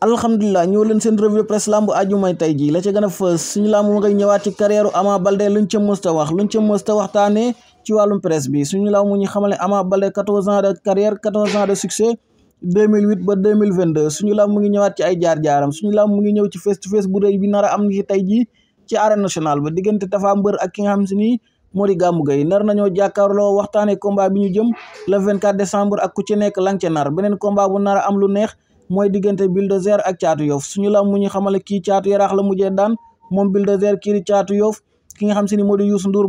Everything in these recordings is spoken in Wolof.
alhamdulilah ñëw leen seen revue de presse ajumay tey ji la ca gën a fës suñu lamb mu ngay ñëwaat ci carrière Ama Baldé luñ ca mësta wax luñ ca mësta waxtaane ci wàllum presse bi suñu lamb mu ñu xamale Ama Baldé 14 ans de carrière 14 ans de succès 2008 ba 2022 suñu lamb mu ngi ñëwaat ci ay jaar-jaaram suñu lamb mu ngi ñëw ci face to face bi nar a am ci tey ci arène nationale ba diggante Tapha Mbeur ak ki nga xam si ni moo di Gamou Gueye nar nañoo jàkkaarloo waxtaane combat bi ñu jëm le 24 décembre ak ku ci nekk lang ca beneen combat bu nar a am lu neex mooy diggante Bulldozer ak Caatu Yoff suñu lam mu ñu xamale kii Caatu Yaraax la mujjee daan moom Bulldozer kii di Caatu Yoff ki nga xam si ni moo di Youssou Ndour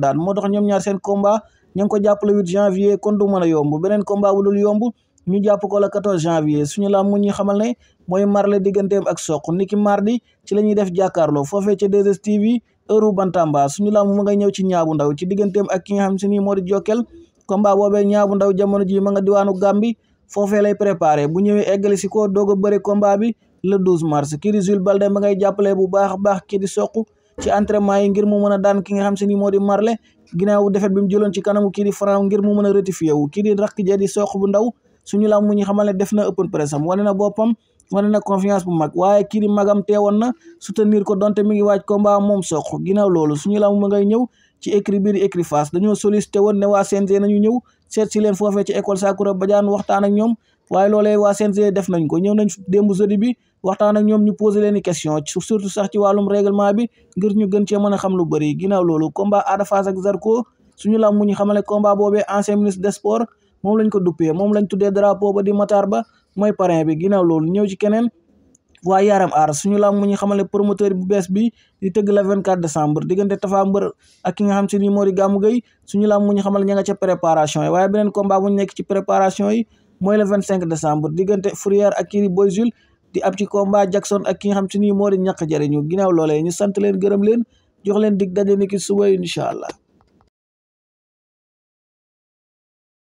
daan moo tax ñoom ñaar seen combat ñu ko jàpp le 8 kon du mën a yomb beneen combat bu yomb ñu jàpp ko le 14 janvier suñu lam mu ñu xamal ne mooy marle digganteem ak soq niki mardi ci la ñuy def jàkkaarloo foofee ca 2STV heure bantamba suñu la mu nga ñëw ci ñaabu ndaw ci digganteem ak ki nga xam si ni moo di Jokkel combat boobee ñaabu ndaw jamono ji ma nga diwaanu Gàmbi foofee lay préparé bu ñëwee eggali ko doog a bëri combat bi le 12 mars kii di Jules Baldé ma ngay jàppale bu baax a baax kii di Sokh ci entraînement yi ngir mu mën a daan ki nga xam si ni moo di Marley ginnaaw defet bi mu jëloon ci kanamu kii di Franc ngir mu mën a rectifié wu kii di rakk ja di Sokh bu ndaw suñu lam mu ñu xamal ne def na open press am wane na boppam wane na confiance bu mag waaye kii di magam teewoon na soutenir ko donte mi ngi waaj combat moom Sokh ginnaaw loolu suñu lam ma ngay ñëw ci écrit biir écrit face dañoo woon ne waa CNG nañu ñëw seet si leen foofee ci école Sakoura Badiane waxtaan ak ñoom waaye loolee waa CNG def nañ ko ñëw nañ demb jeudi bi waxtaan ak ñoom ñu posé leen i question surtout sax ci wàllum règlement bi ngir ñu gën cee mën a xam lu bëri ginnaaw loolu combat Ada Fass ak Zarko suñu lam mu xamale combat boobe ancien ministre des sports moom lañ ko duppee moom lañ tuddee drapeau ba di Matar Ba mooy parrain bi ginnaaw loolu ñëw ci keneen waa Yaram Aar suñu làmb mu ñu xamal ne promoteur bu bees bi di tëgg la 24 décembre diggante Tafa Mbër ak ki nga xam si ni moo di Gamou Gueye suñu làmb mu xamal ña nga ca préparation yi waaye beneen combat bu ñu nekk ci préparation yi vint le 25 décembre diggante Fourière ak kii di Boy Jules di ab ci combat Jackson ak ki nga xam si ni moo di ñàkk jëriñu ginnaaw loolee ñu sant leen gërëm leen jox leen dig daje ni ki suba incha allah